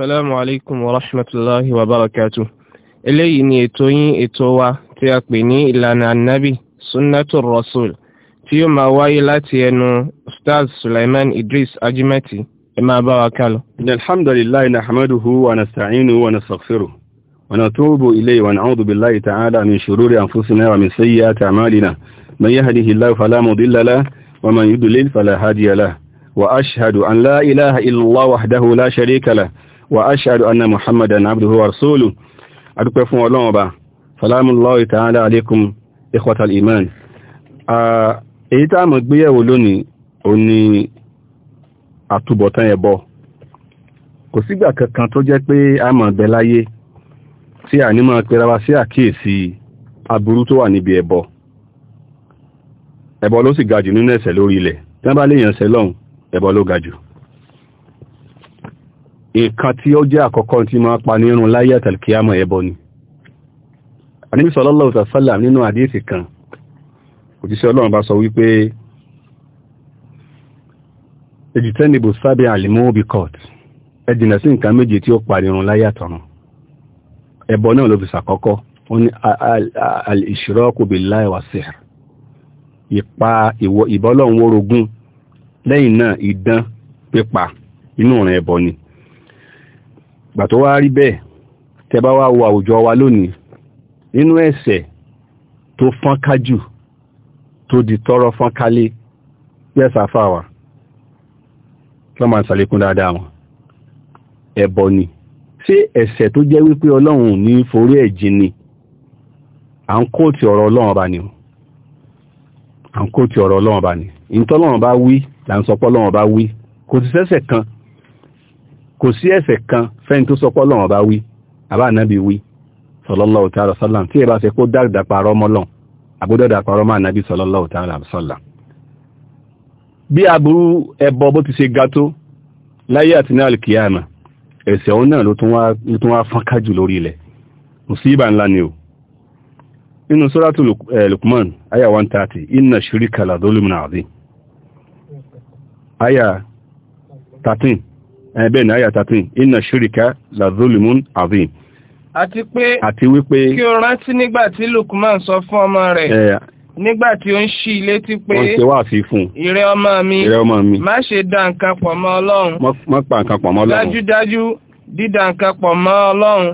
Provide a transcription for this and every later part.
Assalamu alaikum wa rahmatullahi wa barakatuh. Eléyìí ni ètò yín ètò wa tí a pè ní ìlànà annabi Sunnatul Rasul tí yóò máa wáyé láti ẹnu Ustaz Sulaiman Idris Ajimati. Ẹ máa bá wa kálọ. Alhamdulillahi nahmaduhu wa nasta'inu wa nastaghfiruh wa natubu ilayhi wa na'udhu billahi ta'ala min shururi anfusina wa min sayyiati a'malina. Man yahdihillahu fala mudilla wa man yudlil fala hadiya lahu. وأشهد أن لا إله إلا الله وحده لا شريك له wa ashhadu anna muhammadan abduhu wa rasuluhu adúpẹ́ fún ọlọ́run ọba salamullahi ta'ala alaikum ikhwatal iman èyí tá mọ̀ gbéyẹ̀wò lónìí ó ní àtúbọ̀tán ẹbọ kò sígbà kankan tó jẹ́ pé a mọ̀ bẹ tí a ní máa pera sí àkíyèsí aburú tó wà níbi ẹbọ ẹbọ ló sì ga nínú ẹ̀ṣẹ̀ lórí ilẹ̀ tí wọ́n bá léèyàn ṣẹ̀ lọ́hùn ẹbọ ló ga ìkan tí ó jẹ́ àkọ́kọ́ tí máa pa nírun láyé àtàlkíyàmọ̀ ẹbọ ni Ànábì sallallahu alaihi wasallam nínú àdíyèsí kan òjíṣẹ́ ọlọ́run bá sọ wípé ejìtẹ́nìbò sábẹ́ àlìmọ́ bí court ẹjìnà sí nǹkan méje tí ó pa nírun láyé àtọ̀run ẹbọ náà ló fi sàkọ́kọ́ ó ní al-ishraku billahi wa sihr ìpa ìbọ́lọ́run wórogún lẹ́yìn náà ìdán pípa inú ọ̀ràn ẹbọ ni gbà tó wá rí bẹ́ẹ̀ tẹ́ bá wá wo àwùjọ wa lónìí nínú ẹ̀ṣẹ̀ tó fọ́nká jù tó di tọ́rọ fọ́nkálé yẹ́sà fáwà tó máa sàlékún dáadáa wọn ẹbọ ni ṣé ẹ̀ṣẹ̀ tó jẹ́ wípé ọlọ́run ní forí ẹ̀jìn ni à ń kó ọ̀rọ̀ ọlọ́run bá ni à ń kó ọ̀rọ̀ ọlọ́run bá ni ìtọ́lọ́run bá wí là ń sọpọ́ ọlọ́run bá wí kò sí sẹ́ṣẹ̀ kan kò sí ẹ̀ṣẹ̀ kan fẹ́ni tó sọpọ́ lọ́wọ́ bá wí àbá ànábì wí sallallahu ta'ala sallam tí ẹ bá ṣe kó dáàdà parọ́ mọ́lọ̀ àbúdọ́dà parọ́ mọ́ ànábì sallallahu ta'ala sallam bí aburú ẹbọ bó ti ṣe ga tó láyé àti ní alkiyama ẹ̀ṣẹ̀ òun náà ló tún wá fọ́nká jù lórí aya eh, 130 inna shirika la dhulmun adhim aya 13 Eh, ẹ̀bẹ̀ náà yàtà tí iná ṣíríkà lazolimun azim àti pé àti wípé kí o rántí nígbà tí Lukman sọ fún ọmọ rẹ̀ eh, nígbà tí ó ń ṣí ilé tí pé wọ́n ṣe wá sí fún ìrẹ́ ọmọ mi ìrẹ́ ọmọ mi má ṣe dá nǹkan pọ̀ mọ́ Ọlọ́run má pa nǹkan pọ̀ mọ́ Ọlọ́run dájúdájú dídá nǹkan pọ̀ mọ́ Ọlọ́run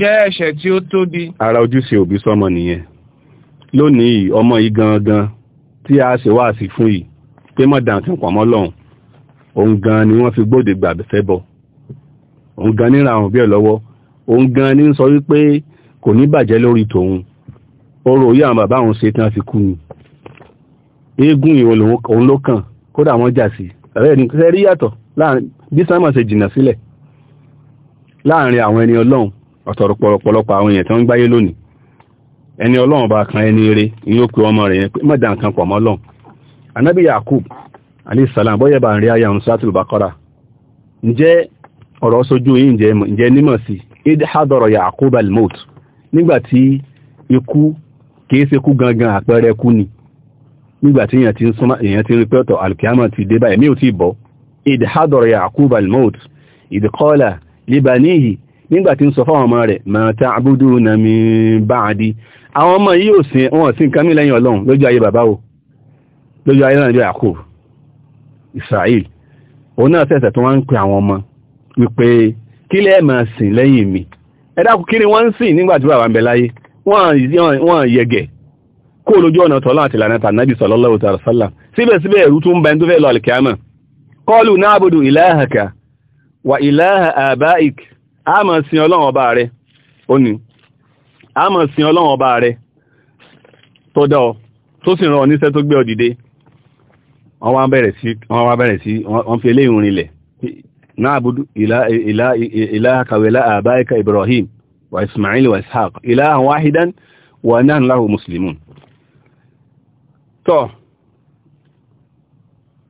jẹ́ ẹ̀ṣẹ̀ tí ó tóbi ara ojúṣe òbí sọ́mọ nìyẹn lónìí ọmọ yìí gangan tí a ṣe wá sí fún yìí pé má dá nǹkan pọ̀ mọ́ Ọlọ́run òun gan ni wọ́n fi gbóde gbà fẹ́ bọ̀ òun gan níra àwọn òbí ẹ̀ lọ́wọ́ òun gan ní sọ wípé kò ní bàjẹ́ lórí tòun oró oyé àwọn bàbá òun ṣe tí wọ́n fi kú ni eégún ìwọ̀n òun ló kàn kódà wọ́n jà sí ẹ̀rẹ́ ní kẹ́ rí yàtọ̀ bí sámọ̀ ṣe jìnnà sílẹ̀ láàrin àwọn ẹni ọlọ́run ọ̀tọ̀rọ̀pọ̀lọpọ̀ àwọn èèyàn tí wọ́n ń gbáyé lónìí ẹni ọlọ́run bá kan ẹni eré ni ó pe ọmọ rẹ̀ yẹn pé mọ̀dà nǹkan pọ̀ mọ́ ọlọ́run anábì alìsàlám bọ́yẹ̀ bá ń rí ayà ń sátìlù bàkọ́rà ǹjẹ́ ọ̀rọ̀ sojú yìí ǹjẹ́ nímọ̀ sí id hadọ̀rọ̀ Yaqub al-maut nígbàtí ikú kìí ṣe kú gangan àpẹẹrẹ kú ni nígbàtí èèyàn ti ń súnmọ́ èèyàn ti rí pẹ́tọ̀ alkiyama ti dé báyìí mi ò tí bọ́ id hadọ̀rọ̀ Yaqub al-maut id qala libanihi nígbàtí ń sọ fáwọn ọmọ rẹ̀ ma ta'buduna min ba'di àwọn ọmọ yìí ò sin wọn sí nǹkan mi lẹ́yìn ọlọ́run lójú ayé bàbá o lójú ayé náà lójú Yaqub Israel òun náà sẹ̀sẹ̀ tó wọ́n ń pe àwọn ọmọ wípé kí lẹ́ máa sìn lẹ́yìn mi ẹ dákun kí ni wọ́n ń sìn nígbà tí bàbá ń bẹ láyé wọ́n yẹgẹ̀ kó lójú ọ̀nà tọ́lá àti ìlànà tànàbì sallallahu ta'ala sallam síbẹ̀síbẹ̀ ẹ̀rú tún tó wa ilaha abaik a máa sin ọlọ́run ọba rẹ̀ ó ní a máa sì rán ọ níṣẹ́ tó gbé ọ dìde wọ́n wá bẹ̀rẹ̀ sí wọ́n wá bẹ̀rẹ̀ sí wọ́n fi eléyìn rinlẹ̀ na'budu ilahaka wa ilaha abaika ibrahim wa ismail wa ishaq ilahan wahidan wa nahnu lahu muslimun tọ́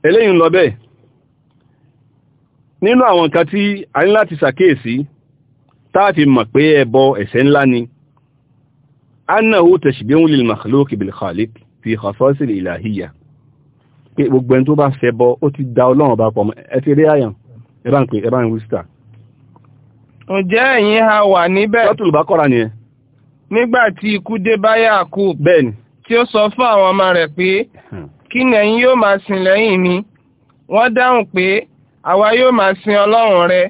eléyìn lọ bẹ́ẹ̀ nínú àwọn nǹkan tí a ní láti ṣàkíyèsí táàfi mọ̀ pé ẹbọ ẹ̀ṣẹ̀ ńlá ni annahu tashbihun lil makhluq bil khaliq fi khasasil ilahiyya pé gbogbo ẹni tó bá fẹ́ bọ́ ó ti da ọlọ́run bá pọ̀ ẹ ti rí àyàn ẹ bá ń pè ẹ ń wíṣítà. ǹjẹ́ ẹ̀yin ha wà níbẹ̀. sọ́tùlù bá kọ́ra nìyẹn. nígbà tí ikú dé bá Yakub. bẹ́ẹ̀ni. tí ó sọ fún àwọn ọmọ rẹ̀ pé hmm. kí ni ẹ̀yin yóò máa sìn lẹ́yìn mi wọ́n dáhùn pé àwa yóò máa sin ọlọ́run rẹ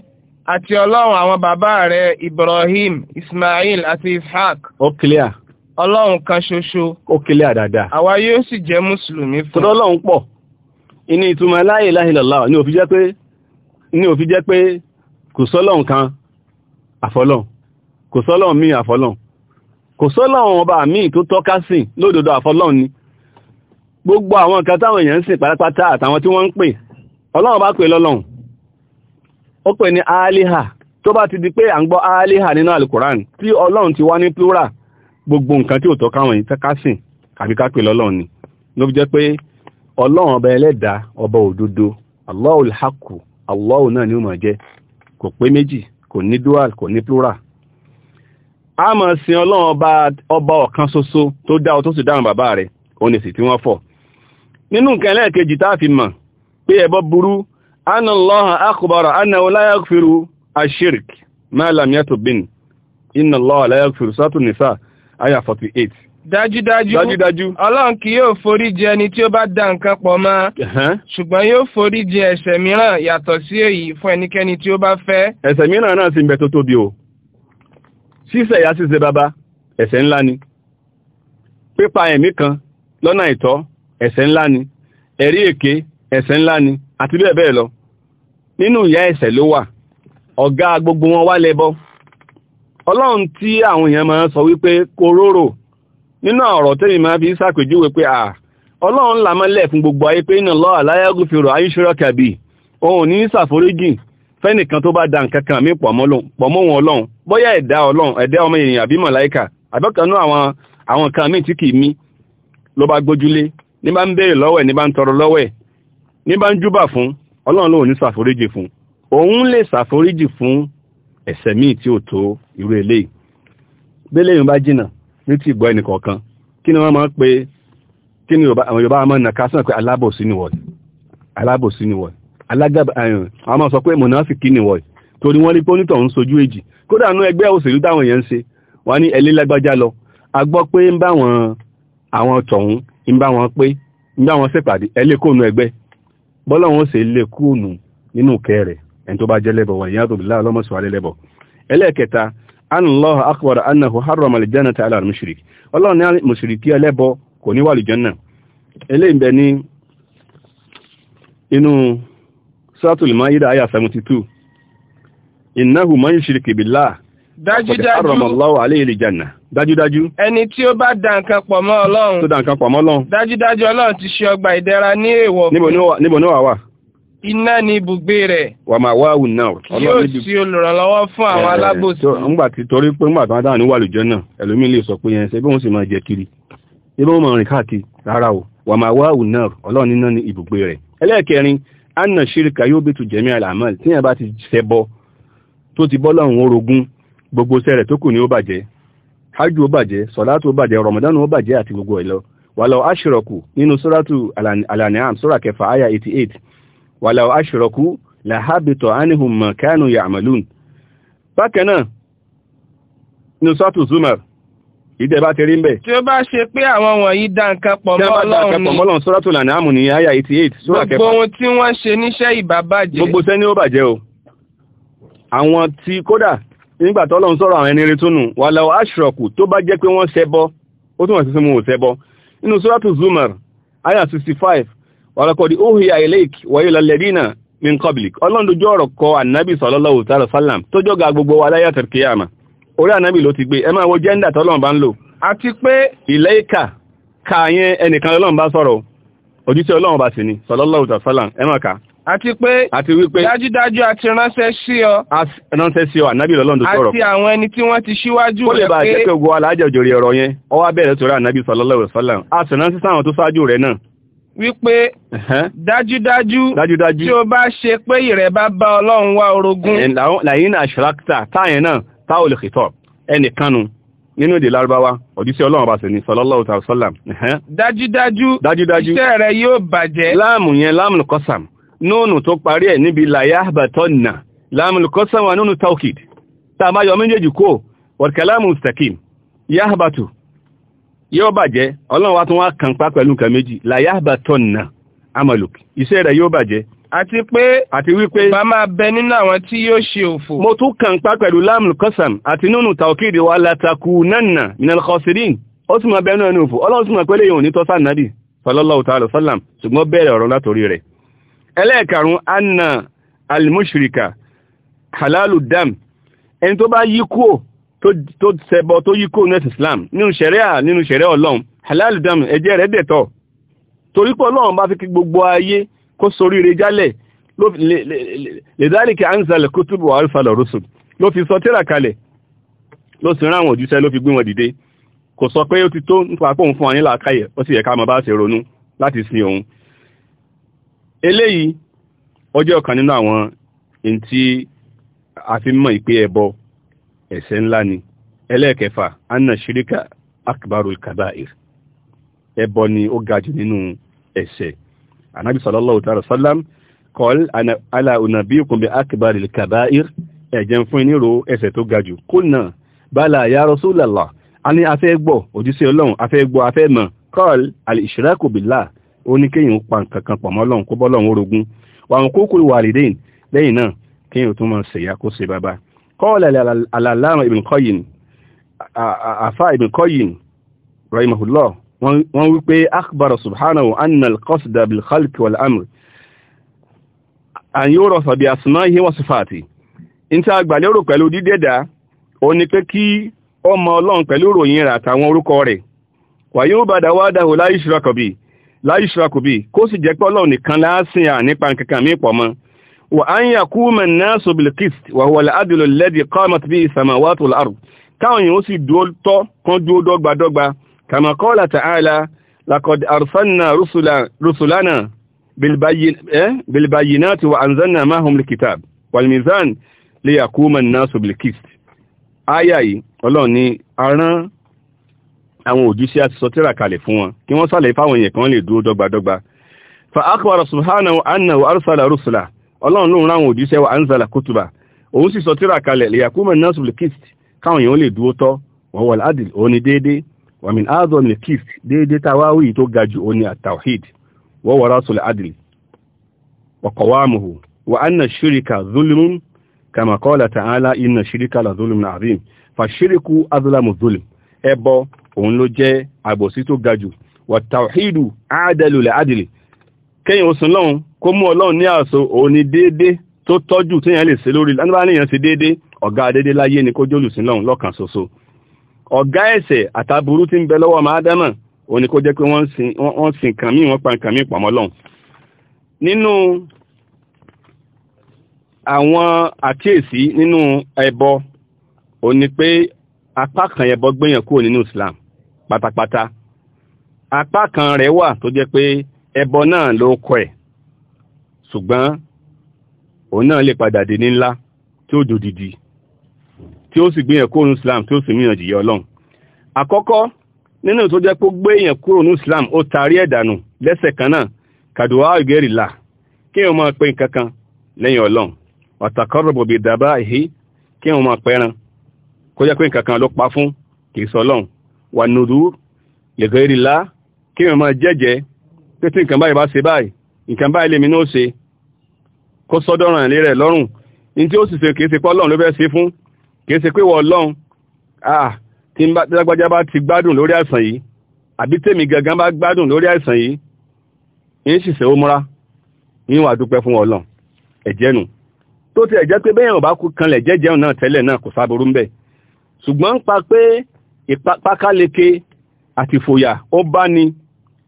àti ọlọ́run àwọn bàbá rẹ Ibrahim Ismail àti Ishaq. ó clear ọlọ́run kan ṣoṣo ó kílẹ̀ àdàdà àwa yóò sì jẹ́ mùsùlùmí fún tọ́lọ́ ọlọ́run pọ̀ inú ìtumọ̀ la ilaha illallah ni ó fi jẹ́ pé ni ó fi jẹ́ pé kò sọ́lọ́run kan àfọlọ́run kò sọ́lọ́run míì àfọlọ́run kò sọ́lọ́run ọba míì tó tọ́ka sí lódodo àfọlọ́run ni gbogbo àwọn nǹkan táwọn èèyàn ń sìn pátápátá àtàwọn tí wọ́n ń pè ọlọ́run bá pè lọ́lọ́run ó pè ní aliha tó bá ti di pé à ń gbọ́ aliha nínú alukuran tí ọlọ́run ti wá ní plural gbogbo nǹkan tí ò tọ́ káwọn yìí tẹ́ká sìn àbí ká pè lọ́lọ́run ni ló fi jẹ́ pé ọlọ́run ọba ẹlẹ́dàá ọba òdodo Allahul Haqqu Allahu náà ni ó máa jẹ́ kò pé méjì kò ní dual kò ní plural a máa sin ọlọ́run ọba ọ̀kan ṣoṣo tó dá ọ tó sì dáhùn bàbá rẹ̀ òun èsì tí wọ́n fọ̀ nínú nǹkan ẹlẹ́ẹ̀kejì tá a fi mọ̀ pé ẹbọ burú anna Allah akhbara annahu la yaghfiru ash-shirk ma lam yatub bin inna Allah la yaghfiru aya forty eight. dájúdájú dájúdájú ọlọ́run kì yóò forí jì ẹni tí ó bá da nǹkan pọ̀ mọ́ uh-huh. ṣùgbọ́n yóò forí jì ẹ̀ṣẹ̀ mìíràn yàtọ̀ sí èyí fún ẹnikẹ́ni tí ó bá fẹ́. ẹ̀ṣẹ̀ mìíràn náà sì ń bẹ tó tóbi o ṣíṣẹ̀ ìyá ṣíṣe bàbá ẹ̀ṣẹ̀ ńlá ni pípa ẹ̀mí kan lọ́nà ìtọ́ ẹ̀ṣẹ̀ ńlá ni ẹ̀rí èké ẹ̀ṣẹ̀ ńlá ni àti bẹ́ẹ̀ bẹ́ẹ̀ lọ nínú ìyá ẹ̀ṣẹ̀ ló wà ọ̀gá gbogbo wọn wá lẹ́bọ́ ọlọ́run tí àwọn èèyàn máa sọ wípé koróró nínú ọ̀rọ̀ tẹ́yìn máa fi ṣàpèjúwe pé à ọlọ́run làmọ́lẹ̀ fún gbogbo ayé pé iná lọ́wọ́ aláyágùn fi rọ̀ ayíṣọ́rọ̀ kàbí òun ní ṣàforíjì fẹ́nìkan tó bá da nǹkan kan mí pọ̀ mọ́ wọn ọlọ́run bóyá ẹ̀dá ọlọ́run ẹ̀dá ọmọ ènìyàn àbí màláíkà àbẹ́kanú àwọn kan míì tí kìí mí ló bá gbójúlé ní bá ń béèrè lọ́wẹ̀ ní bá ń tọrọ lọ́wẹ̀ ní bá ń júbà fún ọlọ́run lòun ní ṣàforíjì fún òun lè ṣàforíjì fún ẹ̀ṣẹ̀ míì tí ò tó irú eléyìí bẹ́lẹ̀ yìí bá jìnà ní ti gbọ́ ẹnì kọ̀ọ̀kan kí ni wọ́n máa ń pe kí ni àwọn Yorùbá máa ń nà kásán pé alábòsí ni wọ̀nyí alábòsí ni wọ̀nyí alágàbà eh, àwọn máa sọ pé mọ̀nàfìkì ni wọ̀nyí torí wọ́n ní pé onítọ̀ ń sojú èjì kódà nú ẹgbẹ́ òṣèlú táwọn èèyàn ń ṣe wọ́n ní ẹlé lágbájá lọ a gbọ́ pé ń bá wọn àwọn tọ̀hún ń bá wọn pé ń bá wọn ṣèpàdé ẹlẹ́kùnù ẹgbẹ́ bọ́lá wọn ṣe lẹ́kùnù nínú kẹrẹ̀ẹ́ ẹni tó bá jẹ́ lẹ́bọ̀ wọ̀nyí yàtọ̀ bí láàrín ọlọ́mọ̀sọ̀ alẹ́ lẹ́bọ̀ ẹlẹ́ẹ̀kẹta anàlọ́hà akọ̀rọ̀ annahu harrama aljanna ta aláàrùn mushrik ọlọ́run ní mushriki ẹlẹ́bọ kò ní wà aljanna eléyìí bẹ ní inú suratul maida aya 72 innahu man yushrik billah dájúdájú ẹni tí ó bá dá nǹkan pọ̀ mọ́ ọlọ́run tó dá nǹkan pọ̀ mọ́ ọlọ́run dájúdájú ọlọ́run ti ṣe ọgbà ìdẹ̀ra ní èèwọ̀ níbo ni wà wà iná ni ibùgbé rẹ̀ wà máa wá àwùn náà yóò sí olùrànlọ́wọ́ fún àwọn alábòsí. ńgbà tí torí pé ńgbà tó dáhùn náà ẹlòmí lè sọ pé yẹn ṣe bí sì máa jẹ kiri ṣe bí máa rìn káàkiri rárá o wà máa wá àwùn náà ọlọ́run níná ní ibùgbé rẹ̀. ẹlẹ́ẹ̀kẹrin anna yóò bí alamal tí bá ti tó wàláwọ̀ aṣìrọ̀kú làhábìtọ̀ ánihùn mọ̀ kánù ya'malun bákan náà ní sọ́tù zumar ìdẹ̀ bá ti rí ń bẹ̀. tí ó bá ṣe pé àwọn wọ̀nyí dá nǹkan pọ̀ mọ́lọ́run sọ́rọ̀tù lànà àmù ní àyà 88 sóra kẹfà gbogbo ohun tí wọ́n ṣe níṣẹ́ ìbàbàjẹ́ gbogbo sẹ́ni ó bàjẹ́ o bá 65 ọ̀rọ̀kọ̀dì óhìyà ilẹ̀k wọ́yílẹ̀ lẹ́dínà min qablik ọlọ́ndojú ọ̀rọ̀ kọ ànábì sallallahu ta'ala sallam tó ga gbogbo wa láyé tẹ̀kíyàmà orí ànábì ló ti gbé ẹ wo jẹ́ndà tọ́lọ́n bá ń lò àti pé ilẹ̀ka kààyẹn ẹnìkan ọlọ́run bá sọ̀rọ̀ ojúṣe ọlọ́run bá sì ni sallallahu ẹ alaihi wípé dájúdájú dájúdájú tí o bá ṣe pé ìrẹ̀ bá bá ọlọ́run wá orogún. làyín àṣírákítà táyẹn náà táò lè ẹnìkanu nínú èdè lárúbáwá òjíṣẹ́ ọlọ́run bá sì ní sallallahu ta'ala yóò bàjẹ́ ọlọ́run wa tún wá kàn pa pẹ̀lú nǹkan méjì làyà àbàtọ̀nà amaluk iṣẹ́ rẹ̀ yóò bàjẹ́. àti pé àti wípé bá máa bẹ nínú àwọn tí yóò ṣe òfò. mo tún kàn pa pẹ̀lú láàmù kọ́sàm àti nínú taokiri wa latakù nánà minal khasirin ó sì máa bẹ nínú ẹni òfò ọlọ́run sì máa pẹ́lẹ́ yòó ní tọ́sán nàdì sallallahu ta'ala sallam ṣùgbọ́n bẹ̀rẹ̀ ọ̀rọ̀ látòrí rẹ̀. ẹlẹ́ẹ̀karùn-ún anna al tó ṣẹbọ tó yí kó nẹ́sì islam nínú ṣẹ̀rẹ́ nínú ṣẹ̀rẹ́ ọlọ́run halal dam ẹ̀jẹ̀ rẹ̀ dẹ̀tọ̀ torí pé ọlọ́run bá fi kí gbogbo ayé kó soríire jálẹ̀ lèdálìkì anzal kútùbù alfàlọ̀ rusul ló fi sọ tírà kalẹ̀ ló sì ráwọn òjíṣẹ́ ló fi gbé wọn dìde kò sọ pé ó ti tó nípa pé òun fún wa ní làákàyè ó sì yẹ ká mọ bá ṣe ronú láti sin òun eléyìí ọjọ́ kan nínú àwọn èyí tí a fi mọ̀ ìpé ẹbọ ẹ̀ṣẹ̀ ńlá ni ẹlẹ́ẹ̀kẹfà anna shirika akbarul kabair ẹbọ ni ó ga jù nínú ẹ̀ṣẹ̀ anabi sallallahu ta'ala sallam kọ́l ala unabiyukum bi akbaril kabair ẹ̀jẹ̀ fún ìnírò ẹ̀ṣẹ̀ tó ga jù kulna bala ya rasulallah a ní afẹ́ gbọ́ òjíṣẹ́ ọlọ́run afẹ́ gbọ́ afẹ́ mọ̀ kọ́l al-ishraku billah ó ní kéyìn pa nǹkan kan pọ̀ mọ́ ọlọ́run kó bọ́lọ́run orogún wàhùn kókò wàlídẹ́yìn lẹ́yìn náà kéyìn tó máa ṣèyà kó ṣe bàbá قال العلامة ابن قيم àfá ibn Qayyim rahimahullah wọ́n wípé akhbara subhanahu anna al-qasda bil khalq wal amr an yurafa bi asma'ihi wa sifatihi inta agbalero pẹ̀lú dídẹ̀dá ó ní pé kí ó mọ Ọlọ́run pẹ̀lú ròyìn rẹ̀ àtàwọn orúkọ la yushraku bi la yushraku bi kó sì jẹ́ pé Ọlọ́run nìkan la sìn à nípa kankan mi pọ̀ mọ́ وأن يقوم الناس بالقسط وهو العدل الذي قامت به السماوات والأرض. كان يوسي دول تو كون دول دوغبا دوغبا كما قال تعالى لقد أرسلنا رسل رسلنا بالبين إيه؟ بالبينات وأنزلنا معهم الكتاب والميزان ليقوم الناس بالقسط آي آي الله ني أرنا àwọn òjúṣe àti sọ tíra kalẹ̀ fún wọn kí wọ́n sàlẹ̀ fáwọn èèyàn kan lè dúró dọ́gbadọ́gba ọlọ́run lóun ráwọn òjíṣẹ́ wa anzala kutuba òun sì sọ tíra kalẹ̀ lè yakuma nasu lè kist káwọn èèyàn lè dúró tọ́ wọ́n wà ládìl òun ni déédé wà mí áàzọ́ lè kist déédé táwáwì tó ga jù òun ni àtàwhid wọ́n wà rásù lè adìl wàkọ̀wámuhu wà anna shirika zulmun kama qala ta'ala inna shirika la zulmun azim fa shiriku azlamu zulm ẹbọ òun ló jẹ́ àbòsí tó ga jù wà tàwhidu àádẹ́lù lè adìl kéyìn oṣù lọ́hun kó mú ọlọ́run ní àṣọ òun ni déédéé tó tọ́jú téèyàn lè ṣe lórí lánàbà níyàn ṣe déédéé ọ̀gá déédéé láyé ni kó jólùsìn lọ́hun lọ́kàn ṣoṣo ọ̀gá ẹ̀ṣẹ̀ àtàbùrú tí ń bẹ lọ́wọ́ ọmọ ádámà òun ni kó jẹ́ pé wọ́n sin nǹkan míì wọ́n pa nǹkan míì pamọ́ lọ́hun nínú àwọn àkíyèsí nínú ẹbọ òun ni pé apá kan ẹbọ gbéyàn kúrò nínú Islam pátápátá apá kan rẹ̀ wà tó jẹ́ pé ẹbọ náà ló kọ ẹ̀ ṣùgbọ́n òun náà lè padà dé ní ńlá tí ó dòdìdì tí ó sì gbìyàn kúrò ní Islam tí ó sì mìíràn jìyà Ọlọ́run àkọ́kọ́ nínú tó jẹ́ pé gbé èèyàn kúrò ní Islam ó tarí ẹ̀dànù lẹ́sẹ̀ kan náà kàdùwá ìgẹ́rìlà kí èèyàn máa pe nǹkan kan lẹ́yìn Ọlọ́run ọ̀tàkọ́rọ̀bọ̀ bí dàbá ìhí kí èèyàn máa pẹran kó jẹ́ pé nǹkan kan ló pa fún kì í sọ Ọlọ́run wà nùdú ìgẹ́rìlà kí èèyàn máa jẹ́jẹ́ pé tí nǹkan báyìí bá ṣe báyìí nǹkan báyìí lèmi náà ṣe kó sọ́dọ̀ràn ilé rẹ̀ lọ́rùn ní tí ó sì ṣe kìí ṣe pé ọlọ́run ló fẹ́ ṣe fún kìí ṣe pé wọ́n ọlọ́run ah tí lágbájá bá ti gbádùn lórí àìsàn yìí àbí tèmi gangan bá gbádùn lórí àìsàn yìí ń sì ṣe ó múra yín wà dúpẹ́ fún ọlọ́run ẹ̀jẹ̀ nù tó ti ẹ̀jẹ̀ pé bẹ́yàn bá kanlẹ̀ jẹ́jẹun náà tẹ́lẹ̀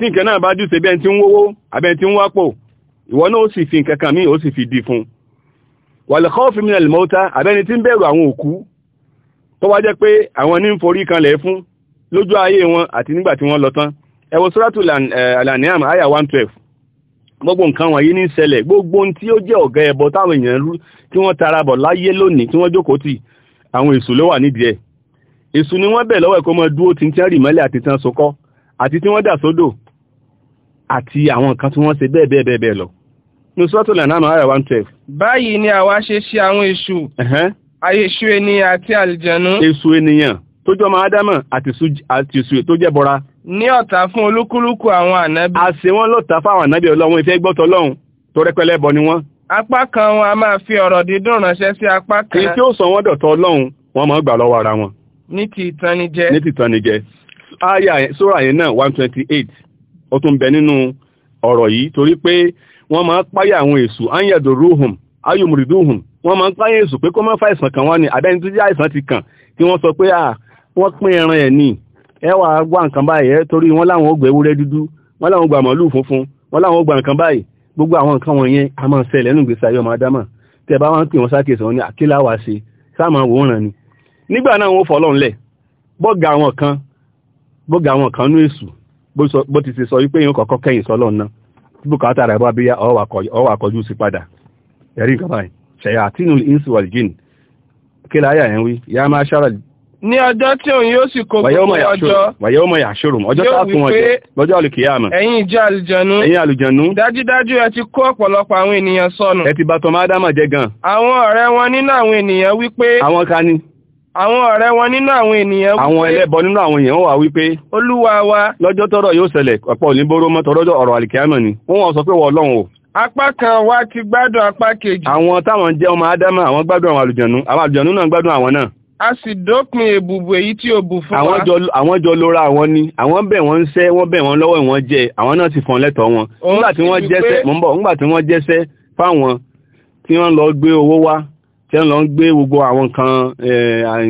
tí nǹkan náà bá jùsẹ̀ bẹ́ẹ̀ tí ń wówó àbẹ́ tí ń wápò ìwọ náà ó sì fi nǹkan kan míì ó sì fi dì fún wàlẹ̀kọ́ fìmínà lèmọ́ta àbẹ́ni tí ń bẹ̀rù àwọn òkú tó wá jẹ́ pé àwọn ní ń forí kanlẹ̀ fún lójú ayé wọn àti nígbà tí wọ́n lọ tán ẹ wo sóràtù alaniam aya 112 gbogbo nǹkan wọ̀nyí ní ṣẹlẹ̀ gbogbo tí ó jẹ́ ọ̀gá ẹbọ táwọn èèyàn rú tí wọ́n tara bọ̀ láyé lónìí tí wọ́n jókòó tì àwọn èṣù ló wà nídìí ẹ̀ èṣù ni wọ́n bẹ̀ lọ́wọ́ ẹ̀kọ́ mọ́ dúró tí ń tẹ́rì mọ́lẹ̀ àti tán sokọ́ àti tí wọ́n dà sódò àti àwọn nǹkan tí wọ́n se bẹ́ẹ̀ bẹ́ẹ̀ bẹ́ẹ̀ bẹ́ẹ̀ lọ. ní sọ́tòlẹ̀ náà máa rẹ̀ one twelve. báyìí ni àwa ṣe ṣe àwọn èṣù àyèṣù ènìyàn àti àlìjẹ̀nú. èṣù ènìyàn tó jọ máa dámọ̀ àti èṣù tó jẹ́ bọra. ní ọ̀tá fún olúkúlùkù àwọn ànábì. a ṣe wọ́n lọ́tà fáwọn ànábì ọlọ́run ìfẹ́ gbọ́tọ̀ ọlọ́run tó rẹ́pẹ́lẹ́ bọ ni wọ́n. apá kan wọn a máa fi ọ̀rọ̀ dídùn ránṣẹ́ sí apá kan. kì í tí ó sọ wọ́n dọ̀tọ̀ ọlọ́run wọ́n máa gbà lọ́wọ́ ara wọn. ní ti ìtanijẹ. ní ti ìtanijẹ. aya sóra yẹn one twenty eight ó tún bẹ nínú ọ̀rọ̀ yìí torí pé wọ́n máa ń páyà àwọn èṣù ányẹ̀dò rúhùn ayòmùrìdúhùn wọ́n máa ń páyà èṣù pé kó má fa àìsàn kan wọ́n ni àbẹ́ni tó jẹ́ àìsàn ti kàn kí wọ́n sọ pé à wọ́n pín ẹran ẹ̀ ní ẹ wà gbà nǹkan báyìí torí wọ́n láwọn ó gbà ewúrẹ́ dúdú wọ́n láwọn ó màálù funfun wọ́n láwọn ó nǹkan báyìí gbogbo àwọn nǹkan wọ̀nyẹn a máa ṣẹlẹ̀ nínú ìgbésí ayé ọmọ tẹ́ bá wọ́n pè wọ́n sákèsì wọn ni àkílà wá sí sáàmà wòóràn ni nígbà náà wọ́n fọ́ bọ́gà àwọn kan bọ́gà àwọn kan nú èṣù bó ti ṣe sọ wípé èèyàn kọ̀ọ̀kan kẹ́yìn sọ́lọ́ náà tí bùkátà rẹ̀ bá bíyá ọwà kọjú sí padà ẹ̀rí nǹkan báyìí ṣẹ̀yà àtinú insu wal jin kí láyà ẹ̀ ń wí ya máa ṣára ní ọjọ́ tí òun yóò sì kó gbogbo ọjọ́ wàyẹ́ ọmọ yàṣọ́rùm ọjọ́ tààtùn ọjọ́ lọ́jọ́ alùkìyàmà ẹ̀yin ìjọ àlùjànú ẹ̀yin àlùjànú dájúdájú ẹ ti kó àwọn ọ̀rẹ́ wọn nínú àwọn ènìyàn wípé àwọn ẹlẹ́bọ nínú àwọn èèyàn wà wípé olúwa wa lọ́jọ́ tọ́rọ̀ yóò ṣẹlẹ̀ ọ̀pọ̀ oníbóró mọ́ tọ́rọ́jọ́ ọ̀rọ̀ àlìkíámọ̀ ni wọ́n wọ́n sọ pé wọ́n ọlọ́run o apá kan wa ti gbádùn apá kejì àwọn táwọn jẹ́ ọmọ ádámà àwọn gbádùn àwọn àlùjànnú àwọn àlùjànnú náà gbádùn àwọn náà a sì dópin èbùbù èyí tí o bù fún wa àwọn jọ lóra àwọn ni àwọn bẹ̀ wọ́n ń sẹ́ wọ́n bẹ̀ wọ́n lọ́wọ́ ìwọ́n jẹ àwọn náà sì fọ́n lẹ́tọ̀ọ́ wọn nígbà tí wọ́n jẹ́sẹ́ mọ́ ń bọ̀ nígbà tí wọ́n jẹ́sẹ́ fáwọn tí wọ́n lọ gbé owó wá tí wọ́n lọ ń gbé gbogbo àwọn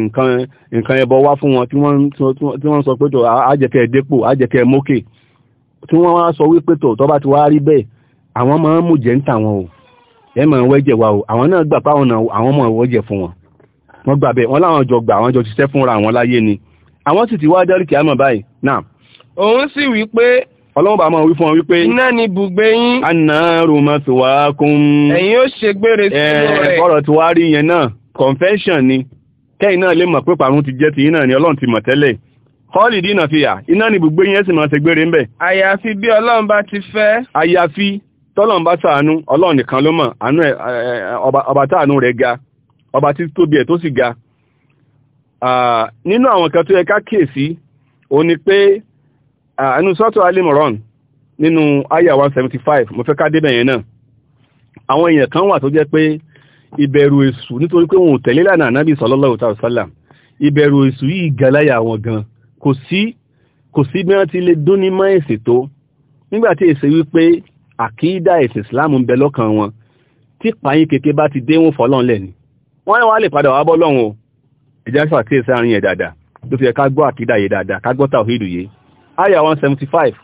nǹkan nǹkan ẹbọ wá fún wọn tí wọ́n sọ pé tó àjẹkẹ́ dépò àjẹkẹ́ mókè tí wọ́n wá sọ wípé tó tọ́ bá ti wá rí bẹ́ẹ̀ àwọn máa ń mú jẹ́ ń tà wọn o ẹ máa ń wẹ́jẹ̀ wa o àwọn náà gbà páwọn náà àwọn máa wọ́jẹ̀ fún wọn wọ́n gbà bẹ́ẹ̀ wọ́n láwọn jọ gbà àwọn jọ ṣiṣẹ́ fúnra àwọn láyé ni àwọn sì ti wá dáríkì àmọ̀ báyìí náà. òun sì wí pé ọlọ́wọ́ bá máa wí fún ọ wípé iná ni bùgbé yín anáàrù mọ́síwákún ẹ̀yin ó ṣe gbére sínú rẹ̀ ọ̀rọ̀ tí wá rí yẹn náà confession ni kẹ́yìn náà lè mọ̀ pé parun ti jẹ́ ti iná ni ọlọ́run ti mọ̀ tẹ́lẹ̀ kọ́ọ̀lì dínà fi yà iná ni bùgbé yín ẹ̀sìn máa ṣe gbére ńbẹ̀. àyàfi bí ọlọ́run bá ti fẹ́. àyàfi tọ́lọ́run bá ṣàánú ọlọ́run nìkan ló mọ̀ àánú ẹ̀ ọba táànú rẹ̀ ga ọba tí tóbi ẹ̀ tó sì ga. nínú àwọn kan tó yẹ ká kíyèsí òun ni pé àánú sọ́tọ̀ alimoran nínú aya 175 mo fẹ́ ká débẹ̀ yẹn náà àwọn èèyàn kan wà tó jẹ́ pé ìbẹ̀rù èṣù nítorí pé wọn ò tẹ̀lé lànà ànábì sallallahu ta'ala sallam ìbẹ̀rù èṣù yìí galaya àwọn gan kò sí kò sí bí wọ́n ti lè dún ní mọ́ èsì tó nígbàtí èsì wípé àkídà èsì tí pààyín kéke bá ti déhùn fọ́lọ́n lẹ̀ ni wọ́n wá lè padà wá bọ́ lọ́hùn o ìjà sàkíyèsí àárín ẹ̀ dáadáa fi yẹ gbọ́ àkídà yìí dáadáa ká yìí àyà 175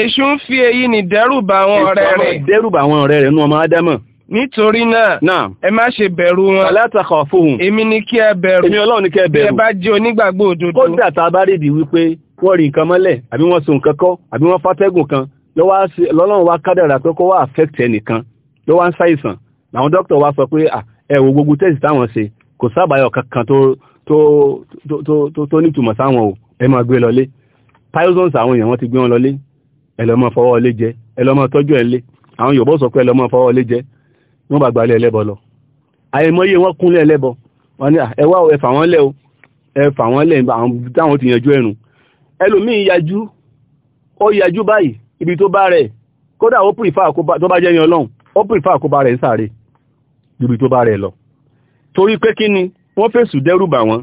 èṣù ń fi èyí ni dẹ́rùbà àwọn ọ̀rẹ́ rẹ̀ dẹ́rùbà àwọn ọ̀rẹ́ rẹ̀ nú ọmọ ádámọ̀ nítorí náà ẹ má ṣe bẹ̀rù wọn alátàkọ̀ fóhùn èmi ni kí ẹ bẹ̀rù èmi ọlọ́run ni kí ẹ bẹ̀rù ẹ bá jẹ́ onígbàgbọ́ òdodo kódà tá a bá rèdì wípé wọ́n rí nǹkan mọ́lẹ̀ àbí wọ́n so nǹkan kọ́ àbí wọ́n fátẹ́gùn kan lọ́lọ́run wa kádàrà pé kó wá affect ẹnìkan ló wá ń ṣàìsàn làwọn dókítà wa sọ pé ẹ wo gbogbo tẹ́sì táwọn ṣe kò sábàáyọ̀ kankan tó nítumọ̀ sáwọn o ẹ máa gbé lọlé thousands àwọn èèyàn wọ́n ti gbé wọn lọlé ẹ lọ máa fọwọ́ ọlé jẹ ẹ lọ máa tọ́jú ẹ̀ lé àwọn Yorùbá sọ pé ẹ lọ máa fọwọ́ ọlé jẹ wọ́n bá gbalẹ̀ ẹlẹ́bọ lọ àìmọye wọn kúnlẹ̀ ẹlẹ́bọ wọn ni ẹ wá ẹ fà o ẹ fà wọ́n lẹ̀ táwọn ti yanjú ẹ̀rùn ẹlòmíì yajú ó yajú báyìí ibi tó bá rẹ̀ kódà ó pìfà tó bá jẹ́ yan ọlọ́run ó pìfà kó bá ń sáré ibi tó bá rẹ̀ lọ torí pé kí ni fèsù dẹ́rù bà wọ́n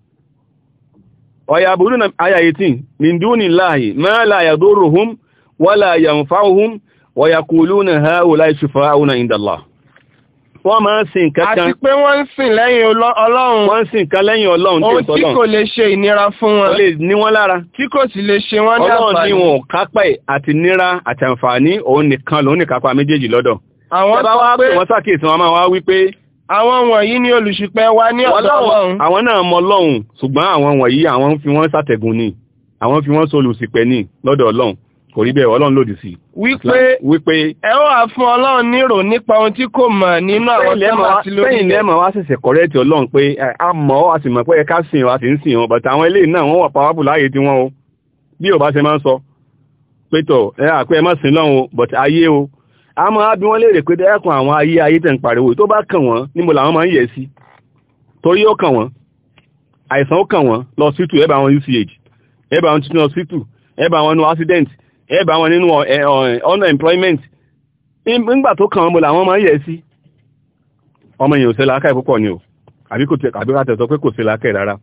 ويعبدون آية 18 من دون الله ما لا يضرهم ولا ينفعهم ويقولون هؤلاء شفعاؤنا عند الله wọ́n máa ń sin nǹkan àti pé wọ́n ń sìn lẹ́yìn ọlọ́run wọ́n ń sin nǹkan lẹ́yìn ọlọ́run tí ìtọ́lọ́run kò lè ṣe ìnira fún wọn lè ní wọ́n lára tí kò sì lè ṣe wọ́n dáfà ọlọ́run ní wọn kápẹ́ àti nira àti àǹfààní òun nìkan lòun nìkápá méjèèjì lọ́dọ̀ àwọn tó pé àwọn wọ̀nyí ni olùṣìpẹ̀ wa ní ọ̀dọ̀ àwọn náà mọ ọlọ́run ṣùgbọ́n àwọn wọ̀nyí àwọn fi wọ́n ṣàtẹ̀gùn ni àwọn fi wọ́n solùṣìpẹ̀ ni lọ́dọ̀ ọlọ́run kò rí bẹ́ẹ̀ ọlọ́run lòdì sí wípé ẹ fún ọlọ́run nírò nípa ohun tí kò mọ̀ nínú àwọn tọ́mọ̀ àti lórí rẹ̀ lẹ́yìn wá sì mọ̀ a máa bí wọ́n léèrè pé ẹkùn àwọn ayé ayé tẹ̀ ń pariwo tó bá kàn wọ́n níbo làwọn máa ń yẹ̀ sí torí ó kàn wọ́n àìsàn ó kàn wọ́n lọ sítù ẹ̀bà àwọn uch ẹ̀bà àwọn tuntun lọ sítù ẹ̀bà wọn nínú accident ẹ̀bà wọn nínú unemployment nígbà tó kàn wọ́n mo làwọn máa ń yẹ̀ sí ọmọ èèyàn ò làákàyè ni o àbí kò pé kò làákàyè rárá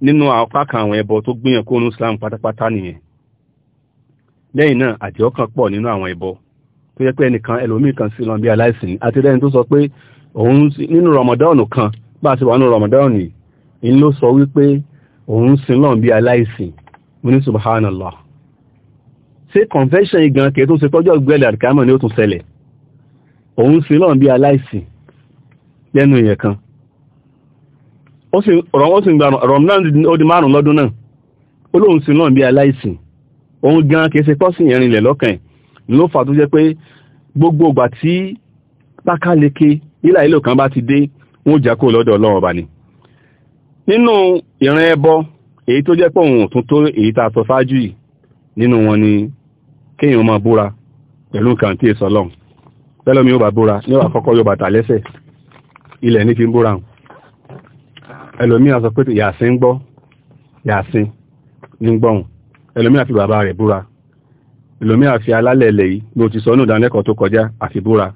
nínú apá kan àwọn ẹbọ tó gbìyànjú tó yẹ pé ẹnìkan ẹlòmíì kan sí lọ bí aláìsìn àti lẹ́yìn tó sọ pé òun nínú rọmọdọ́ọ̀nù kan bá a ti wà nínú rọmọdọ́ọ̀nù yìí ló sọ wípé òun sin lọ bí aláìsìn ní subhanallah ṣé convention igan kìí tó ṣe tọ́jú ọgbẹ́lẹ̀ àdìkámọ̀ ni ó tún ṣẹlẹ̀ òun sin lọ bí aláìsìn lẹ́nu ìyẹn kan ó sì gba rọmọdán ó di márùn lọ́dún náà ó lóun sin lọ bí aláìsìn òun gan kìí ṣe pọ́sìn ìrìnlẹ̀ lọ́kàn ló fà tó jẹ́ pé gbogbo ìgbà tí pákáleke nílà ilé kan bá ti dé wọ́n jà kó lọ́dọ̀ ọlọ́run ọba ni nínú ìran ẹbọ èyí tó jẹ́ pé òun tún tó èyí tá a sọ fáájú yìí nínú wọn ni kéèyàn máa búra pẹ̀lú nǹkan tí èso lọ́n pẹ́lọ́mi yóò bá búra yóò bá kọ́kọ́ yóò bá tà lẹ́sẹ̀ ilẹ̀ ní fi ń búra hùn ẹlòmí a pé yàsín gbọ́ yàsín ní gbọ́hùn ẹlòmí àfi bàbá rẹ̀ búra ẹlòmí àfi alálẹ̀lẹ̀ yìí bí o ti sọ ní ìdánilẹ́kọ̀ọ́ tó kọjá àfi búra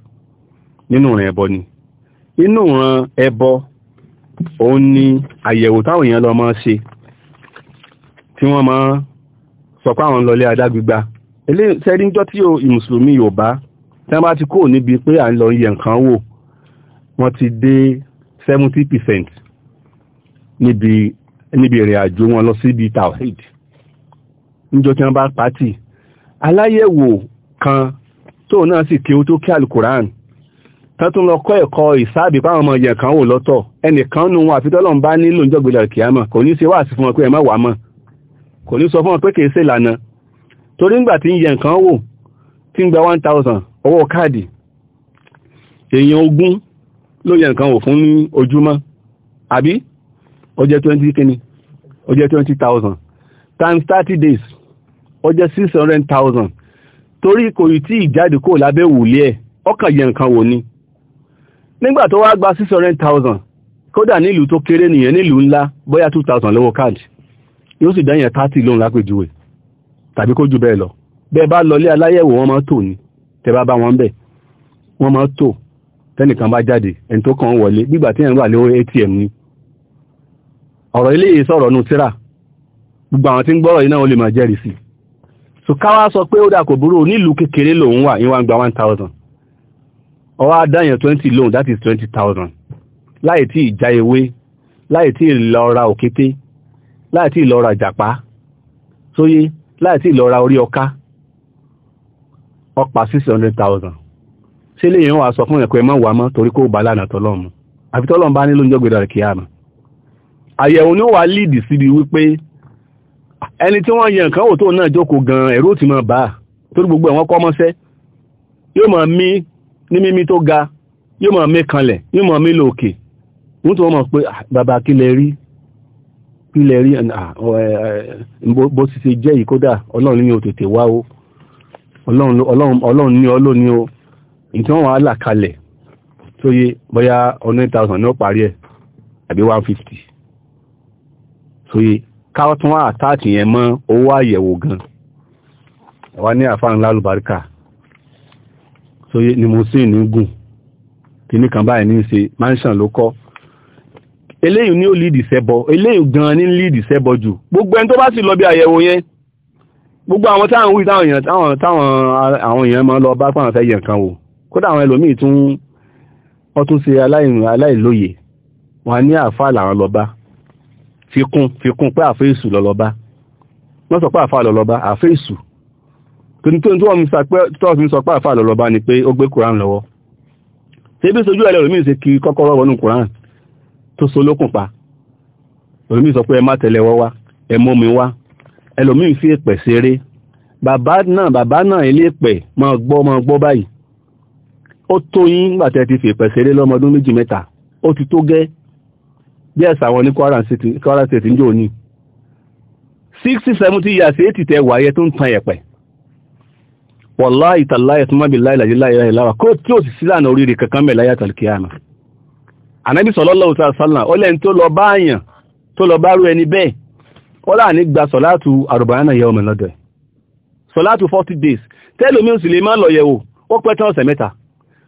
nínú ìran ẹbọ ni inú ìran ẹbọ òun ni àyẹ̀wò táwọn èèyàn lọ máa ṣe tí wọ́n máa sọ pé àwọn lọlé adágbígba sẹ́ríńjọ́ tí o ìmùsùlùmí Yorùbá tí wọ́n bá ti kó níbi pé à ń lọ yẹ nǹkan wò wọ́n ti dé 70 percent níbi ìrìn àjò wọn lọ síbi tawhid níjọ́ tí wọ́n bá pàtì aláyẹ̀wò kan tó náà sì kí ó tó kí alukoran tọ́tún lọ kọ́ ẹ̀kọ́ ìsáàbì báwọn ọmọ yẹn kan wò lọ́tọ̀ ẹnìkan nù wọn àfi tọ́lọ́run bá nílò ń jọ́gbẹ̀lẹ̀ kìámọ̀ kò ní ṣe wá sí fún wọn pé ẹ má wà mọ́ kò ní sọ fún wọn pé kìí ṣe ìlànà torí ńgbà tí ń yẹ nǹkan wò tí ń gba 1000 owó káàdì èèyàn ogún ló yẹ nǹkan wò fún ní ojúmọ́ àbí ó jẹ́ 20 kíni ó jẹ́ 20000 times thirty days ó jẹ́ six hundred thousand torí kò yìí tí ìjáde kò lábẹ́ wòlé ẹ̀ ọkàn yẹn nǹkan wò ni nígbà tó wá gba six hundred thousand kódà nílùú tó kéré nìyẹn nílùú ńlá bóyá two thousand lọ́wọ́ káàdì yóò sì dáyẹn thirty lóhun lápèjúwe tàbí kó ju bẹ́ẹ̀ lọ bẹ́ẹ̀ bá lọlé aláyẹ̀wò wọ́n máa tò ní tẹ́ bá bá wọn bẹ̀ wọ́n máa tò tẹ́nìkan bá jáde ẹni tó kàn wọlé gbígbà tí ẹ̀ ń wà lówó atm ni ọ̀rọ̀ ilé yìí sọ̀rọ̀ nù tíra gbogbo àwọn tí ń gbọ́rọ̀ yìí náà ó lè máa jẹ́rìí sí i so káwá sọ pé ó dà kò burú nílùú kékeré lòun wà ìwọ̀n gba 1000 ọwá dáyàn 20 loan that is 20,000 láì tí ìjà ewé láì tí ìlọ́ra òkété láì tí ìlọ́ra ìjàpá sóyé láì tí ìlọ́ra orí ọká ọpa 600,000 ṣé lèyìn wà sọ fún ẹ̀kọ́ ẹmọ́ wà mọ́ torí kó bá lánà tọ́lọ́mù àfi tọ́lọ́mù bá nílò ń jọ́gbẹ̀dọ̀ rẹ̀ kíyàmù àyẹ̀wò ni ó wà líìdì síbi wípé ẹni tí wọ́n yẹ nǹkan wò tó náà jókòó gan ẹ̀rú ti máa bá torí gbogbo ẹ̀wọ́n kọ́mọ́sẹ́ yóò máa mí ní mímí tó ga yóò máa mí kanlẹ̀ yóò máa mí lòkè wọ́n tó wọ́n mọ̀ pé ah, bàbá kí lẹ rí kí lẹ rí ah, bó ti ṣe jẹ́ yìí kódà ọlọ́run ní o tètè wá o ọlọ́run ní ọlọ́run ní o ìtí wọ́n wà á là kalẹ̀ tó yé bóyá ọdún 1000 ní ó parí ẹ̀ àbí 150 tó yé káwọ́ tún wá àtàtì yẹn mọ́ owó àyẹ̀wò gan wá ní àfáà ńlá so ni mo sí ní gùn kìíní kan báyìí ní í ṣe mansion ló kọ́ eléyìí ní ó líìdì sẹ́bọ eléyìí gan ní líìdì sẹ́bọ jù gbogbo ẹni tó bá sì lọ bí àyẹ̀wò yẹn gbogbo àwọn táwọn wí táwọn èèyàn táwọn táwọn àwọn èèyàn máa lọ bá fáwọn fẹ́ yẹ nǹkan wò kódà àwọn ẹlòmíì tún ọtún ṣe aláìlóye wọn ní àfáà làwọn lọ bá fikún fikún pé àfẹ́sù lọ́lọ́bá wọ́n sọ pé àfà lọ́lọ́bá àfẹ́sù tó ní tó ń tó wọ́n sọ pé àfà lọ́lọ́bá ni pé ó gbé koran lọ́wọ́ tí bí sojú ẹlẹ́ olómìnir ṣe kí kọ́kọ́rọ́ wọnú koran tó so lókùn pa olómìnir sọ pé ẹ má tẹ̀lé wọ́ wá ẹ mọ́mi wá ẹlòmíì fi èpẹ̀ ṣeré bàbá náà bàbá náà ilé èpẹ̀ máa gbọ́ máa gbọ́ báyìí ó tó yín gbàtẹ́ ti fi èpẹ̀ ṣeré lọ́mọdún méjì mẹ́ta ó ti tó gẹ́ díẹ̀ sàwọn ní Kwara State níjò ní 60 70 years 80 tẹ wáyé tó ń tan ẹ̀pẹ̀ wọ̀lá ìtàlá ẹ̀túnmọ́bí láìláyé láìláyé láwà kó tí ó sì sílànà oríire kankan mẹ́ láyé àtàlùkíyàmà ànábì sallallahu alaihi wasallam ọlẹ́ni tó lọ bá àyàn tó lọ bá rú ẹni bẹ́ẹ̀ ọlá ní gba sọ̀látù àrùbáyánà yẹ ọmọ lọ́dọ̀ sọ̀látù 40 days tẹ́lómi ò sì lè má lọ yẹ̀wò ó pẹ́ tán ọ̀sẹ̀ mẹ́ta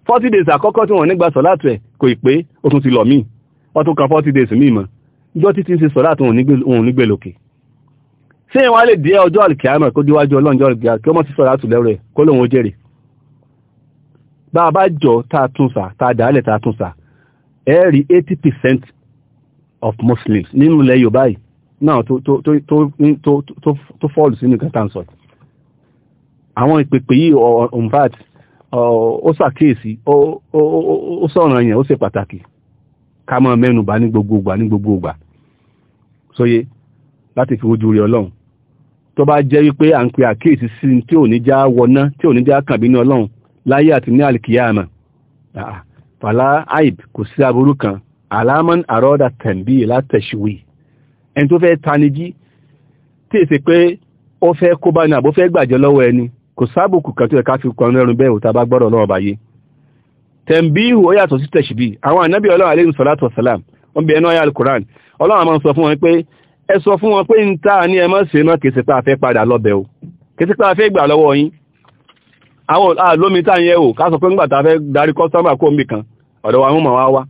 40 days àkọ́kọ́ tí wọ́n ní gba sọ̀látù ẹ̀ kò ì pé ó tún ti lọ wọ́n tó kan forty days míì mọ́ ìjọ títí ń ṣe sọ̀rọ̀ àti òun nígbè lókè ṣé ìwọ́n lè dé ọjọ́ àlùkìyàmọ̀ kó díwájú ọlọ́njọ́ àlùkìyàmọ̀ kí ọmọ ti sọ̀rọ̀ àtúlẹ̀ rẹ̀ kó lóun ó jèrè bá a bá jọ tá a tún sà tá a dálẹ̀ tá a tún sà eighty percent of Muslims nínú ilẹ̀ Yorùbá yìí náà tó fọ́ọ̀lù sínú nǹkan tá à ń sọ àwọn ìpèpè yìí on fact ó ṣàkíyèsí ó sọ̀rọ̀ yẹn ó ṣe pàtàkì ká mọ́ mẹ́nubà ní gbogbo ìgbà ní gbogbo ìgbà sóye láti fi ojú rí ọlọ́run tó bá jẹ́ wípé à ń pe àkíyèsí sí tí ò ní já wọná tí ò ní já kàn ọlọ́run láyé àti aib kò sí aburú kan alaman aroda tẹ̀m̀bí látẹ̀ṣìwì ẹni tó fẹ́ tanijí tí èsì pé ó fẹ́ kó bá ní àbó fẹ́ gbàjẹ́ lọ́wọ́ ẹni kò sábùkù kan tó tẹ̀m̀bíhù ó yàtọ̀ sí tẹ̀ṣìbí àwọn ànábì ọlọ́run alẹ́ ìsọ̀látọ̀ sàlám wọ́n bẹ̀rẹ̀ náà yà alukuran ọlọ́run máa ń sọ fún wọn pé ẹ sọ fún wọn pé ń ta ní ẹ má ṣe mọ́ kèsì pa àfẹ́ padà lọ́bẹ̀ o kèsì pa àfẹ́ gbà lọ́wọ́ yín àwọn àlómi tá yẹ o ká sọ pé ńgbà tá fẹ́ darí kọ́sọ́mà kó mbì kan ọ̀dọ̀ wa mú màá wá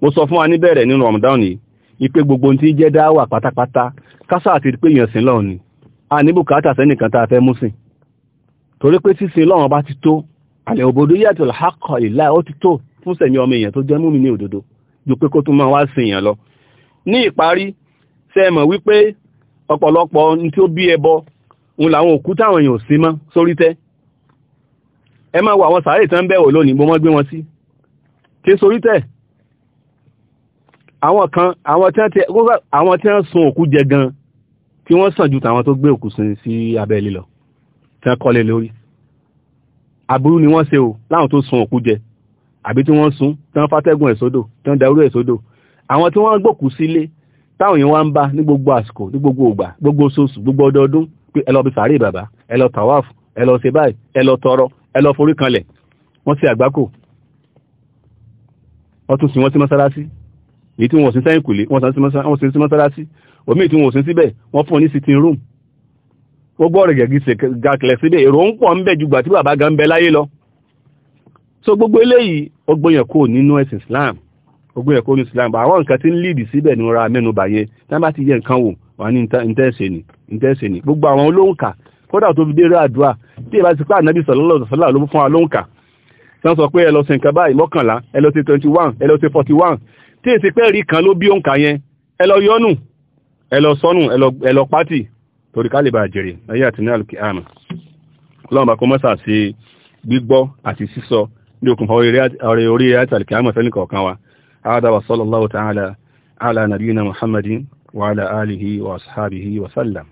mo sọ fún wa níbẹ̀rẹ̀ nínú Ramadan yìí ipe gbogbo tí jẹ́ dáwà pátápátá kásà àti pé èèyàn sí lọ́run ni a ní bùkátà sẹ́nìkan tá a fẹ́ mú sìn torí pé sísin lọ́run bá ti tó àlẹ́ òbòdó yàtọ̀ àkọ́ ìlà ó ti tó fún sẹ̀mí ọmọ èèyàn tó jẹ́ múmi ní òdodo ju pé kó tún máa wá sí èèyàn lọ ní ìparí sẹ́ẹ̀mọ̀ wípé ọ̀pọ̀lọpọ̀ ní tí ó bí ẹbọ ń làwọn òkú táwọn èèyàn sí mọ́ sórí tẹ́ ẹ máa wo àwọn sàárè tán bẹ̀wò lónìí bó mọ́ gbé wọn sí kí sórí tẹ́ àwọn kan àwọn tí wọ́n sun òkú jẹ gan tí wọ́n sàn ju tàwọn tó gbé òkú sí abẹ́lé lọ tí wọ́n kọ́lé lórí aburú ni wọ́n ṣe o láwọn tó sun òkú jẹ àbí tí wọ́n sun tí wọ́n fátẹ́gùn ẹ̀ sódò tí wọ́n darú ẹ̀ sódò àwọn tí wọ́n gbòkú sílé táwọn èèyàn wá ń bá ní gbogbo àsìkò ní gbogbo ògbà gbogbo oṣooṣù gbogbo ọdọọdún pé ẹ lọ bí sàárè bàbá ẹ lọ tàwáàfù ẹ lọ ṣe báyìí ẹ lọ tọrọ ẹ lọ forí kanlẹ̀ wọ́n ṣe àgbákò wọ́n tún sin wọ́n sí mọ́sálásí èyí tí wọ́n sin sẹ́yìn kùlé wọ́n sin sí mọ́sálásí òmíì tí wọ́n sin síbẹ̀ wọ́n fún ní sitting room gbogbo ọ̀rọ̀ gẹ̀gísẹ̀ gàkìlẹ̀ síbẹ̀ èrò ń pọ̀ ń bẹ̀ ju gbà tí bàbá gan bẹ láyé lọ so gbogbo eléyìí ọgbọ́yàn nínú ẹ̀sìn Islam ọgbọ́yàn kò nínú Islam àwọn nǹkan tí ń líìdì síbẹ̀ ní ra mẹ́nu bàyẹ tí wọ́n bá ti yẹ nǹkan wò wọ́n ní ìtẹ́ẹ̀sẹ̀ ni gbogbo àwọn olóǹkà kódà tó fi déré àdúrà tí ìbá ti pá ànábì sallallahu alaihi wasallam ló fún wa olóǹkà tí wọ́n sọ pé ẹ lọ sí nǹkan báyìí mọ́kànlá ẹ lọ sí 21 ẹ lọ sí 41 torí ká lè bá jèrè ayé àti ní alùkìámà ọlọ́run bá kó mọ́sà sí gbígbọ́ àti sísọ ní okùnfà orí orí ayé alùkìámà fẹ́ nìkọ̀ọ̀kan wa adáwà sallallahu ta'ala ala nabiyina muhammadin wa ala alihi wa ashabihi wa sallam